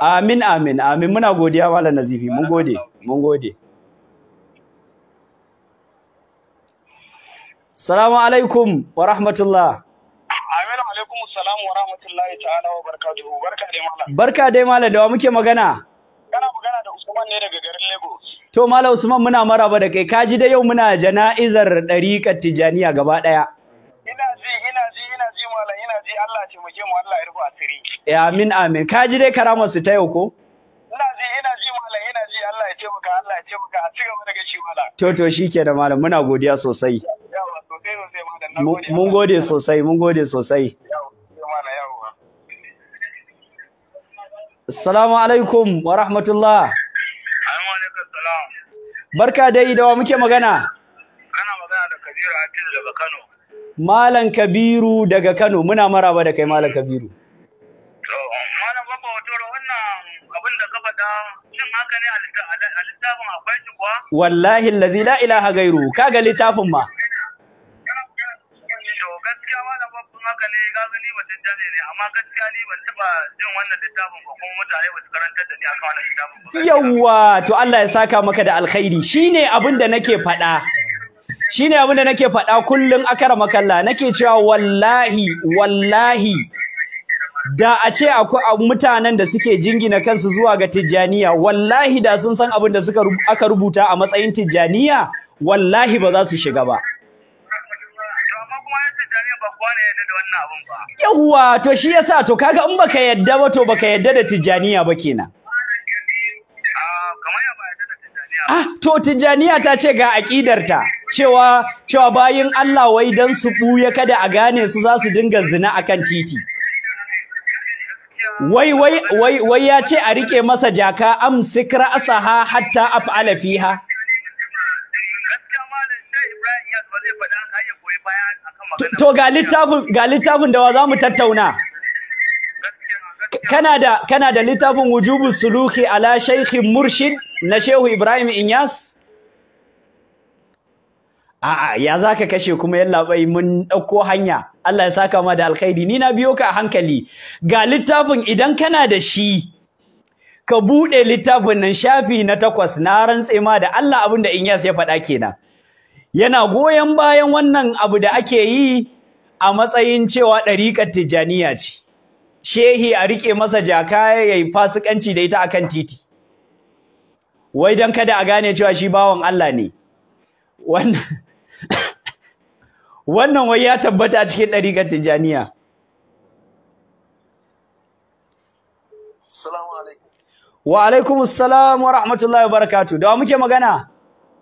Amin amin amin muna godiya Malam Nazifi mun gode mun gode. Salamu alaikum wa rahmatullah. Amin alaikum salamu wa rahmatullahi ta'ala wa barakatuhu. Barka dai malam. Barka dai malam da wa muke magana? Kana magana da Usman ne daga garin Lagos. To malam Usman muna maraba da kai kaji dai yau muna jana'izar ɗariƙar Tijaniya gaba ɗaya. Ina ji ina ji ina ji malam ina ji Allah taimake mu Allah ya rufa asiri. amin amin ka ji dai karamar su ta yau ko ina ji ina ji malam ina ji Allah ya taimaka Allah ya taimaka a cigaba da gashi malam to to shikenan malam muna godiya sosai mun gode sosai mun gode sosai Assalamu alaikum wa rahmatullah. Barka dai da wa muke magana? Kana magana da Kabiru Hafiz daga Kano. Malam Kabiru daga Kano muna maraba da kai Malam Kabiru. littafin akwai shi kuwa wallahi allazi la ilaha gairu kaga littafin ma gaskiya ma babban haka ne ba tun jane ne amma gaskiya ni ban taba jin wannan ba kuma mutane ba su da ni akan wannan ba yawwa to Allah ya saka maka da alkhairi shine abin da nake faɗa shine abin da nake faɗa kullum akara makalla nake cewa wallahi wallahi da a ce akwai mutanen da suke jingina kansu zuwa ga tijjaniya wallahi da sun san abin da suka aka rubuta a matsayin tijjaniya wallahi ba za su shiga ba yawwa to shi yasa to kaga in baka yadda ba to baka yadda da tijjaniya ba kenan ah, ah, to Tijjaniya ta ce ga aƙidarta cewa cewa bayin Allah wai dan su ɓuya kada a gane su za su dinga zina akan titi. wai wai wai wai ya ce a rike masa jaka amsik asaha hatta af'ala fiha to ga littafin ga littafin da za mu tattauna kana da kana da littafin wujubu suluki ala shaykhin murshid na shehu ibrahim inyas a'a ya za ka kashe kuma yallaɓai mun ɗauko hanya Allah ya saka ma da alkhairi ni na biyo ka a hankali ga littafin idan kana da shi ka buɗe littafin nan shafi na takwas na rantse ma da Allah abin da Inyas ya faɗa kenan yana goyon bayan wannan abu da ake yi a matsayin cewa ɗariƙar tijjaniya ce shehi a riƙe masa jaka ya yi fasikanci da ita akan titi wai don kada a gane cewa shi bawan Allah ne wannan wannan wai ya tabbata a cikin ɗariƙar tijjaniya wa alaikum salamu wa rahmatullahi wa barakatu da wa muke magana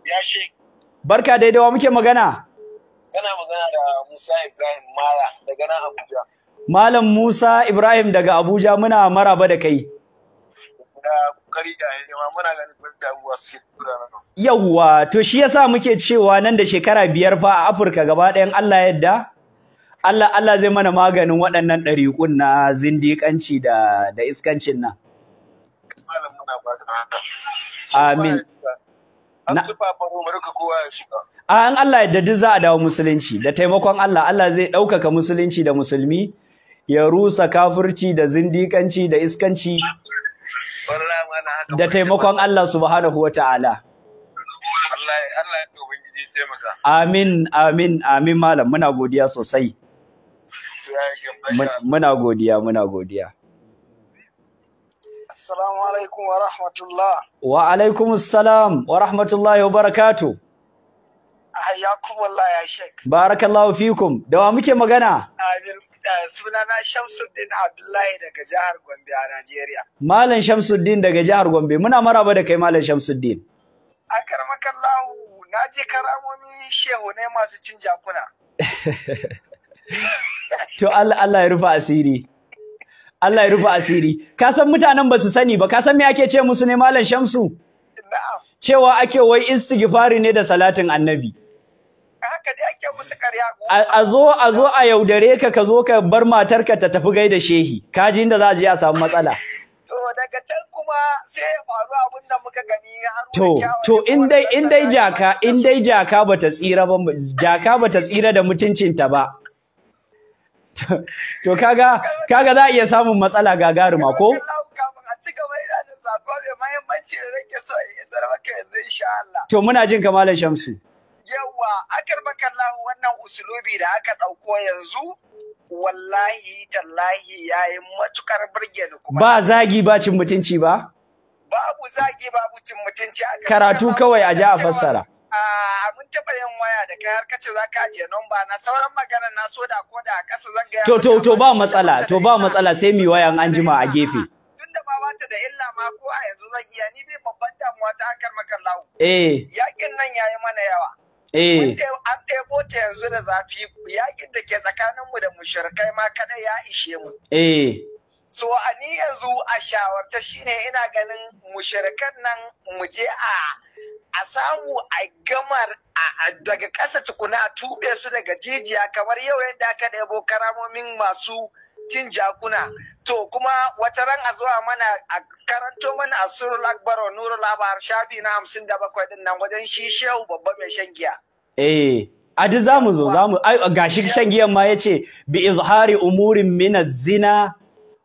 ya shi barka dai da wa muke magana kana magana da Musa Ibrahim Mara daga nan Abuja Malam Musa Ibrahim daga Abuja muna maraba da kai da kokari da hidima muna ganin yadda yawwa to shi yasa muke cewa nan da shekara biyar fa a Afirka gaba ɗayan Allah yadda Allah Allah zai mana maganin waɗannan ɗariƙun na zindiƙanci da da iskancin nan malam muna amin na an Allah yadda duk za a dawo musulunci da taimakon Allah Allah zai ɗaukaka musulunci da musulmi ya rusa kafirci da zindiƙanci da iskanci da taimakon Allah subhanahu wa ta'ala amin amin amin malam muna godiya sosai muna godiya muna godiya assalamu alaikum wa rahmatullah wa alaikum assalam wa rahmatullahi wa barakatuh hayyakum wallahi ya shek barakallahu fikum da wa muke magana amin sunana Shamsuddin Abdullahi daga jihar Gombe a Najeriya. Malam Shamsuddin daga jihar Gombe, muna maraba da kai Malam Shamsuddin. A karmakan lahu, na je karamomi shehu ne masu cin jakuna. (laughs) To Allah ya rufa asiri. Allah ya rufa asiri. Ka san mutanen ba su sani ba, ka san me ake ce musu ne Malam Shamsu? Na'am. Cewa ake wai istighfari ne da salatin annabi. haka dai ake musu ƙarya a zo a zo a yaudare ka ka zo ka bar matarka ta tafi gaida shehi ka ji inda za a je a samu matsala (laughs) to daga can kuma sai ya faru abin da muka gani har to to in dai in dai jaka in dai jaka bata tsira ba jaka bata tsira da mutuncinta ba (laughs) to kaga kaga za a iya samun matsala gagaruma ko To muna jin kamalan Shamsu. akar bakallahu wannan usulobi da aka ɗauko yanzu wallahi tallahi ya yi matukar birge da kuma. Ba zagi ba cin mutunci ba? Babu zagi babu cin mutunci. Karatu kawai a ja a fassara. mun taɓa yin waya da kai har ce za ka ajiye nomba na sauran maganar na so da ko da a ƙasa zan ga. To to to ba matsala to ba matsala sai mi wayan an jima a gefe. Tun da ba wata da illa ma ko a yanzu zan iya ni dai babban damuwa ta akar makallahu. Eh. Yakin nan yayi mana yawa. Eh. An ɗebo ta yanzu da zafi yakin da ke tsakaninmu da mushrikai ma kada ya ishe mu. Eh. So a ni yanzu a shawarta shine ina ganin mushrikan nan mu je a a samu a gamar daga ƙasa tukuna a tuɓe su daga jijiya kamar yau yadda aka ɗebo karamomin masu cin jakuna to kuma wata ran a zuwa mana a karanto mana a surul akbar wa nuru labar shafi na hamsin da bakwai din nan wajen shi shehu babba mai shan giya eh adi za mu zo za mu shi shan giyan ma ya ce bi izhari umurin minazina zina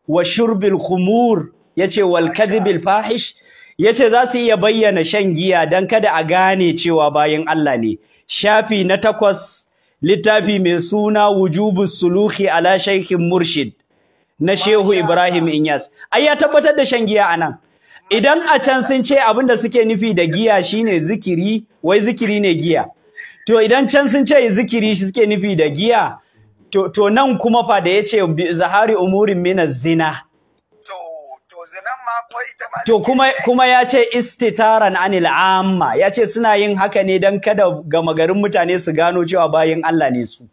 wa shurbil khumur ce wal kadhibil fahish Ya ce za su iya bayyana shan giya don kada a gane cewa bayan Allah ne shafi na takwas littafi mai suna wujubu suluhi ala shaikhin murshid na shehu ibrahim inyas ai ya tabbatar da shan giya anan idan a can sun ce abin da suke nufi da giya shine zikiri wai zikiri ne giya to idan can sun ce zikiri shi suke nufi da giya to, nan kuma fa da ya ce zahari umurin mina zina to kuma kuma ya ce istitaran anil amma ya ce suna yin haka ne don kada gama garin mutane su gano cewa bayan Allah ne su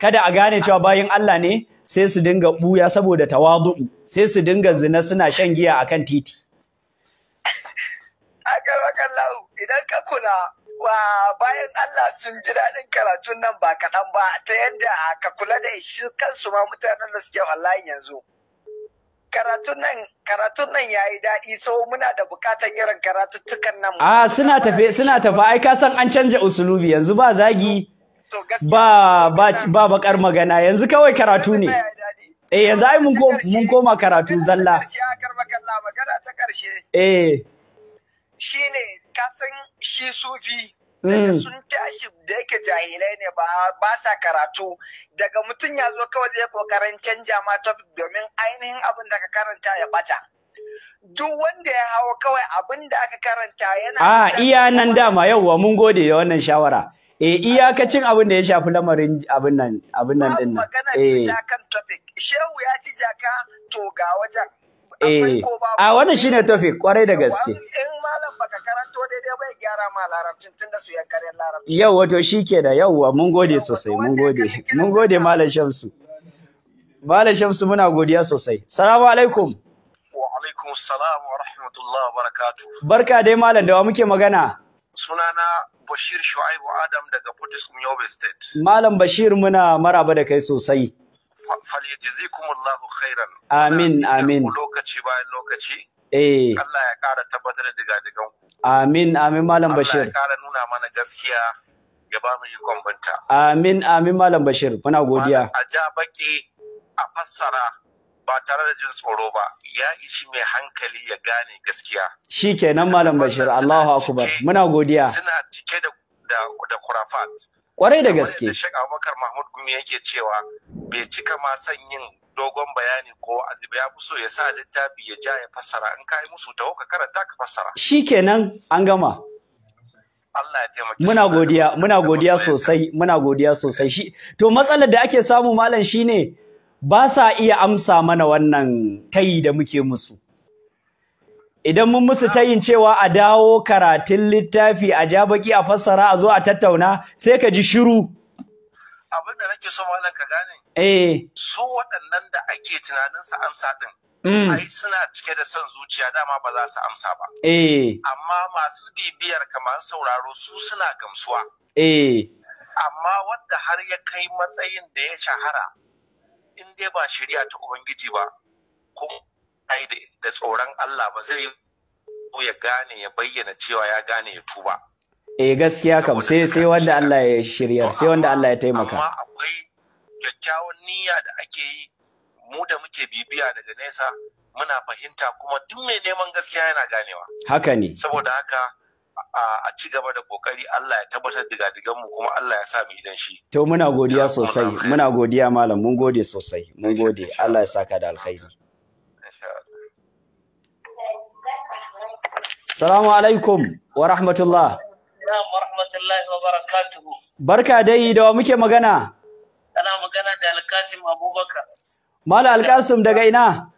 kada a gane cewa bayan Allah ne sai su dinga buya saboda tawadu'u sai su dinga zina suna shan giya akan titi (laughs) akan wakallahu idan ka kula wa bayan Allah sun ji daɗin karatun nan ba kaɗan ba ta yadda ka kula da shi kansu ma mutanen da suke online yanzu karatun nan karatun nan yi daɗi so muna da bukatar irin karatuttukan nan Ah, suna tafe suna tafe ai ka san an canja usulubi yanzu ba zagi ba ba bakar magana yanzu kawai karatu ne eh yanzu ai mun mun koma karatu zalla magana Shi ne eh shine ka san shi sufi Mm. sun tashi da yake jahilai ne ba sa karatu daga mutum ya zo kawai zai kokarin canja ma topic domin ainihin abin da ka karanta ya bata duk wanda ya hawo kawai abin da aka karanta yana ah, a iya nan dama yauwa mun gode da wannan shawara eh cin abin da ya shafi lamarin abin nan abin nan din nan eh kan topic shehu ya ci jaka to ga wajen eh a wannan shine topic kwarai da gaske in malam baka karanto daidai ba ya gyara ma larabcin tunda su yan larabci yau wato yauwa mun gode sosai mun gode mun gode malam Shamsu malam Shamsu muna godiya sosai assalamu alaikum wa alaikum assalam wa rahmatullahi wa barakatuh barka dai malam da wa muke magana sunana Bashir Shu'aibu Adam daga putis Yobe State malam Bashir muna maraba da kai sosai falyajzikumullahu khairan amin amin lokaci bayan lokaci Eh. Allah ya ƙara tabbatar da digadigan ku. Amin, amin Malam Bashir. Allah ya ƙara nuna mana gaskiya ya ba mu yi kwambanta. Amin, amin Malam Bashir. Muna godiya. A ja baƙi, a fassara ba tare da jin tsoro ba. Ya ishi mai hankali ya gane gaskiya. Shi kenan Malam Bashir, Allahu Akubar, Muna godiya. Suna cike da da kurafat. Kwarai da gaske. Da Abubakar Mahmud Gumi yake cewa bai cika ma son yin dogon bayani ko azibi ya fi so ya sa littafi ya ja ya fassara in ka yi musu ta ka karanta ka fassara. Shi kenan an gama. Allah ya taimake Muna godiya, muna godiya sosai, muna godiya sosai. Shi to matsalar da ake samu malam shine ba sa iya amsa mana wannan tayi da muke musu. idan mun musu tayin cewa a dawo karatun littafi a ja baki a fassara a zo a tattauna sai ka ji shiru abin da nake so malam ka gane eh su waɗannan da ake tunanin su amsa din mm. ai suna cike da son zuciya dama ba za su amsa ba eh amma masu bibiyar kamar sauraro su suna gamsuwa eh. amma wanda har ya kai matsayin da ya shahara in dai ba shari'a ta ubangiji ba kuma yi da tsoron Allah ba zai ya gane ya bayyana cewa ya gane ya tuba eh gaskiya kam sai sai wanda Allah ya shiryar sai wanda Allah ya taimaka amma akwai kyakkyawan niyya da ake yi mu da muke bibiya daga nesa muna fahimta kuma duk mai neman gaskiya yana ganewa haka ne saboda haka a ci gaba da kokari Allah ya tabbatar da gadigan mu kuma Allah ya sa mu idan shi to muna godiya sosai muna godiya malam mun gode sosai mun gode Allah ya saka da alkhairi Salamu alaikum wa rahmatullah. wa rahmatullahi wa barakatuhu. Barka dai da wa muke magana. Ana magana da Alkasim Abubakar. Mala Alkasim daga ina?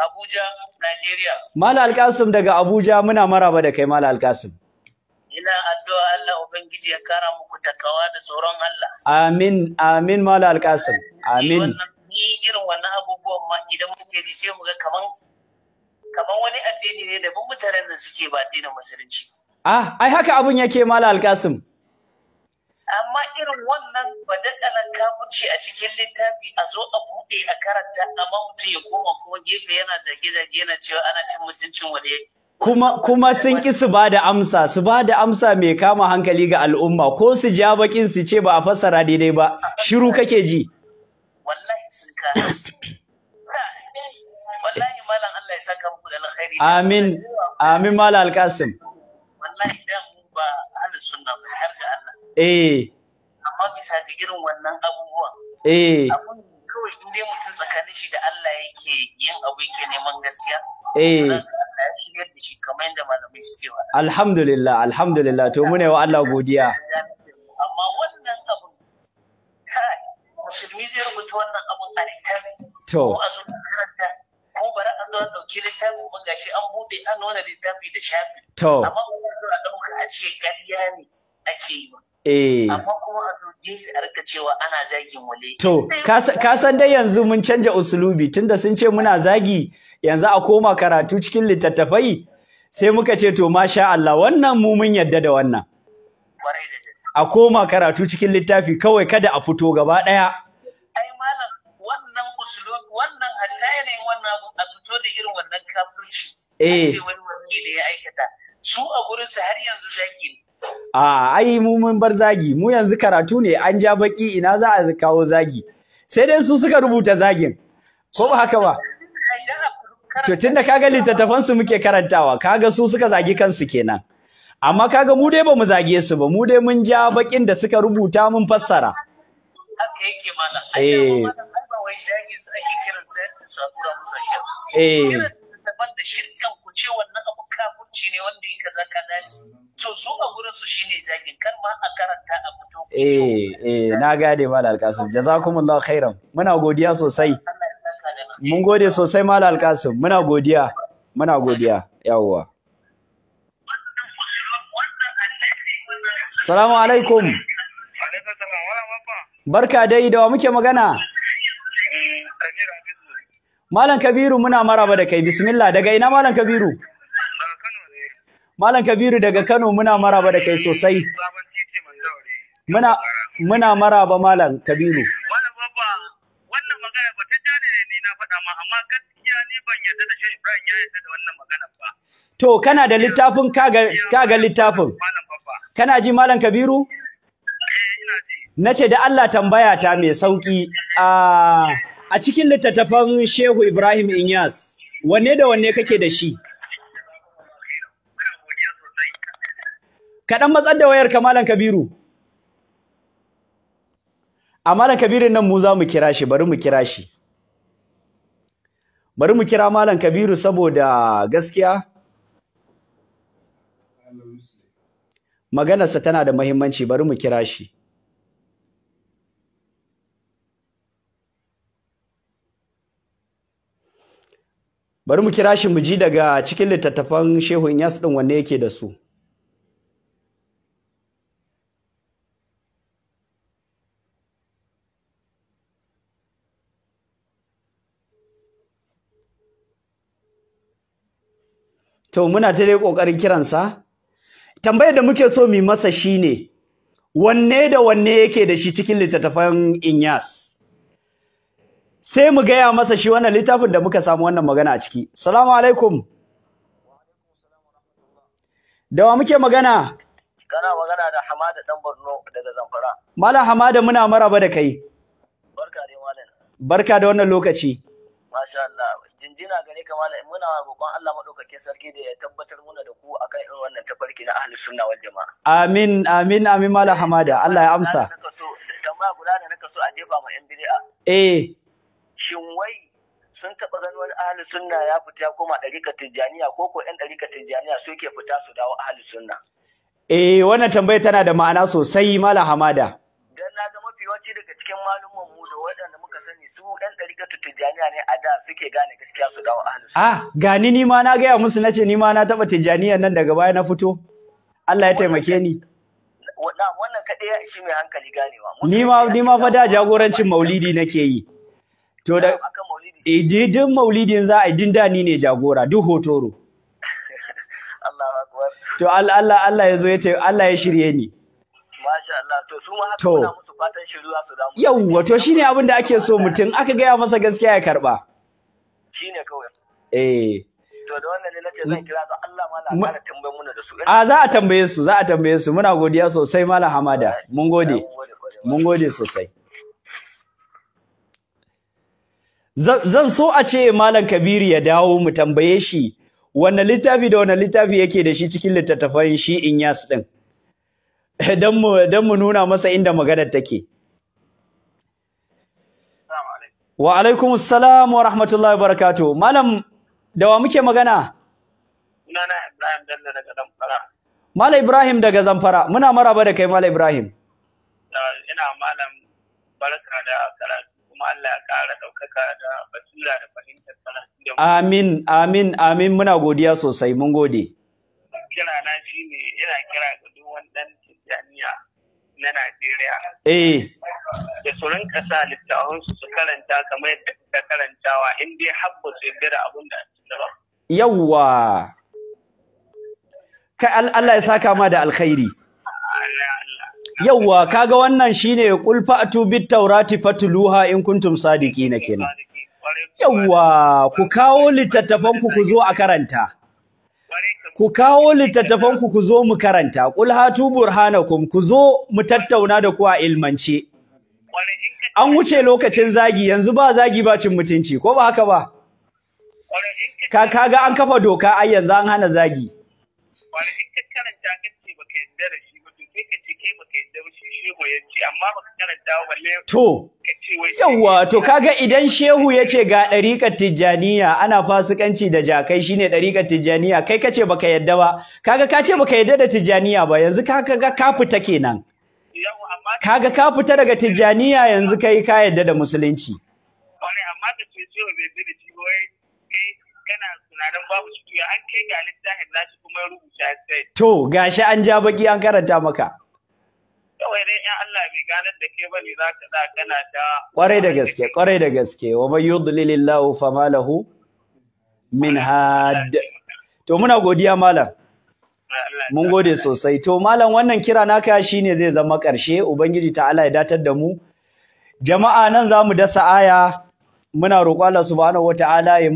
Abuja, Najeriya. Mala Alkasim daga Abuja muna maraba da kai Mala Alkasim. Ina addu'a Allah Ubangiji ya kara muku takawa da tsoron Allah. Amin, amin Mala Alkasim. Amin. Ni irin wannan abubuwan ma idan muke ji sai mu ga kaman kamar wani addini ne da mutanen da suke ba addinin musulunci ah ai haka abun yake mala alkasim amma irin wannan ka kafirci a cikin littafi a zo a buɗe a karanta a mutum ya koma kuma gefe yana zage-zage yana cewa ana cin mutuncin wani kuma kuma sun ki su ba da amsa su ba da amsa mai kama hankali ga al'umma ko su ja bakin su ce ba a fassara daidai ba shiru kake ji wallahi sun kasa wallahi Allah ya taka muku amin amin malam alkasim wallahi ba sunna ba har eh. eh. tsakanin shi da Allah yake yin abu yake neman gaskiya eh Alhamdulillah, alhamdulillah, to mune wa Allah godiya. Amma wannan abun, kai, musulmi zai rubuta wannan abun a littafi, ko ko bari an zo an ɗauki littafi mun gashi an buɗe an nuna littafi da shafi. To. Amma wannan zuwa ɗauka a ce ƙarya ne ake yi ba. Eh. Amma kuma a zoje shi a rika cewa ana zagin wale. To, ka san dai yanzu mun canja usulubi tunda sun ce muna zagi yanzu a koma karatu cikin littattafai sai muka ce to masha Allah wannan mu mun yadda da wannan. A koma karatu cikin littafi kawai kada a fito gaba ɗaya. zalunci eh wani wakili ya aikata su a gurin su har yanzu zagi a ai mu mun bar zagi mu yanzu karatu ne an ja baki ina za a kawo zagi sai dai su suka rubuta zagin ko ba haka ba to tunda kaga littattafan su muke karantawa kaga su suka zagi kansu kenan amma kaga mu dai bamu zage su ba mu dai mun ja bakin da suka rubuta mun fassara haka yake eh malaman da shirkan ku ce wannan abu kafurci ne wanda yi kaza dace so su a gurin su shine zagin kar ma a karanta a fito eh eh na gade malal alkasim jazakumullah khairan muna godiya sosai mun gode sosai malal alkasim muna godiya muna godiya yawwa Salamu alaikum. Barka dai da wa muke magana? Eh, Malam Kabiru muna maraba da kai bismillah daga ina Malam Kabiru Malam Kabiru daga Kano muna maraba da kai sosai muna muna maraba Malam Kabiru Malam baba wannan magana ba ta jane ni na faɗa ma amma gaskiya ni ban yarda da Shehu Ibrahim ya yarda da wannan magana ba To kana da littafin kaga kaga littafin Kana ji Malam Kabiru Eh ina ji Nace da Allah tambaya ta mai sauki a ah, A cikin littattafan Shehu Ibrahim Inyas, wanne da wanne kake da shi? Kaɗan matsar da wayar Malam Kabiru. A Malam Kabiru nan mu za mu kira shi, bari mu kira shi. Bari mu kira Malam Kabiru saboda gaskiya. Maganarsa tana da muhimmanci, bari mu kira shi. bari mu kira shi mu ji daga cikin littattafan shehu Inyas ɗin wanne yake da su To muna ta dai kokarin kiransa tambayar da muke so mu masa shine wanne da wanne yake da shi cikin littattafan Inyas sai mu gaya masa shi wannan littafin da muka samu wannan magana a ciki salamu alaikum da wa muke magana kana magana da hamada dan borno daga zamfara Mala hamada muna maraba da kai barka da malam barka da wannan lokaci masha Allah jinjina gare ka malam muna roƙon Allah madaukake sarki da ya tabbatar muna da ku akan irin wannan tafarki na ahlus sunna wal jama'a amin amin amin mala hamada Allah ya amsa tambaya guda da naka so a jefa ma yan bid'a eh shin wai sun taɓa ganin wani ahalin sunna ya fita ya koma ɗarika tijjaniya ko ko ƴan ɗarika tijjaniya suke fita su dawo ahalin sunna. Eh wannan tambayar tana da ma'ana sosai mala hamada. Dan na ga mafi yawanci daga cikin malumman mu da waɗanda muka sani su ɗan ɗarika tijjaniya ne a da suke gane gaskiya su dawo ahalin sunna. Ah gani ni ma na gaya musu nace ni ma na taɓa tijjaniya nan daga baya na fito. Allah ya taimake ni. Wannan kaɗai ya ishi mai hankali ganewa. ni ma fa da jagorancin maulidi nake yi. to da eh jidin maulidin za a yi dindani ne jagora duk hotoro (laughs) to Allah Allah ya zo ya ce Allah ya shirye ni Masha Allah to su ma haka muna musu fatan shiru za su damu Yawwa to shine abin da ake so mutum aka gaya masa gaskiya ya karba shine kawai eh to da wannan ne nace zan kira Allah mala kana tambaye mu da su a za a tambaye su za a tambaye su muna godiya sosai mala hamada mun gode mun gode sosai zan so a ce malam kabiru ya dawo mu tambaye shi wannan littafi da wannan littafi yake da shi cikin littattafan shi inyas din eh, dan mu dan mu nuna masa inda maganar take wa alaikum assalam wa rahmatullahi wa barakatuh malam da wa muke magana na Ibrahim da daga Zamfara malam Ibrahim daga Zamfara muna maraba da kai malam Ibrahim ina malam barka da karatu kuma Allah ya ƙara ɗaukaka da basira da fahimtar karatu da Amin, amin, amin muna godiya sosai, mun gode. Kira na shi ne ina kira ga duk wani Tijjaniya na Najeriya. Eh. Da su rinka sa littafansu su karanta kamar yadda suka karantawa in dai habba su yarda da abin da ba. Yawwa. Kai Allah ya saka ma da alkhairi. yawwa kaga wannan shine qul fa'tu bit taurati fatluha in kuntum sadiqina kenan yawwa ku kawo littattafan ku ku zo a karanta ku kawo littattafan ku ku zo mu karanta qul hatu burhanakum ku zo mu tattauna da ku a ilmance an wuce lokacin zagi yanzu ba zagi ba cin mutunci ko ba haka ba ka kaga an kafa doka ai yanzu an hana zagi shehu ya ce amma ba ka karanta balle to yawa to kaga idan shehu ya ce ga ɗariƙar tijjaniya ana fasikanci da jakai shine ɗariƙar tijjaniya kai ka ce baka yadda ba kaga ka ce baka yadda da tijjaniya ba yanzu ka kaga ka fita kenan kaga ka fita daga tijjaniya yanzu kai ka yadda da musulunci wani amma da ce shehu bai yadda da shi ba kana tunanin babu shi an kai ga littafin nashi kuma ya rubuta sai to gashi an ja baki an karanta maka kawai dai in Allah bai ganar da ke bane za ka da kana ta kwarai da gaske kwarai da gaske wa man yudlilillahu fama lahu min had to muna godiya malam mun gode sosai to malam wannan kira naka shine zai zama karshe ubangiji ta'ala ya datar da mu jama'a nan zamu dasa aya muna roƙo Allah subhanahu wataala ya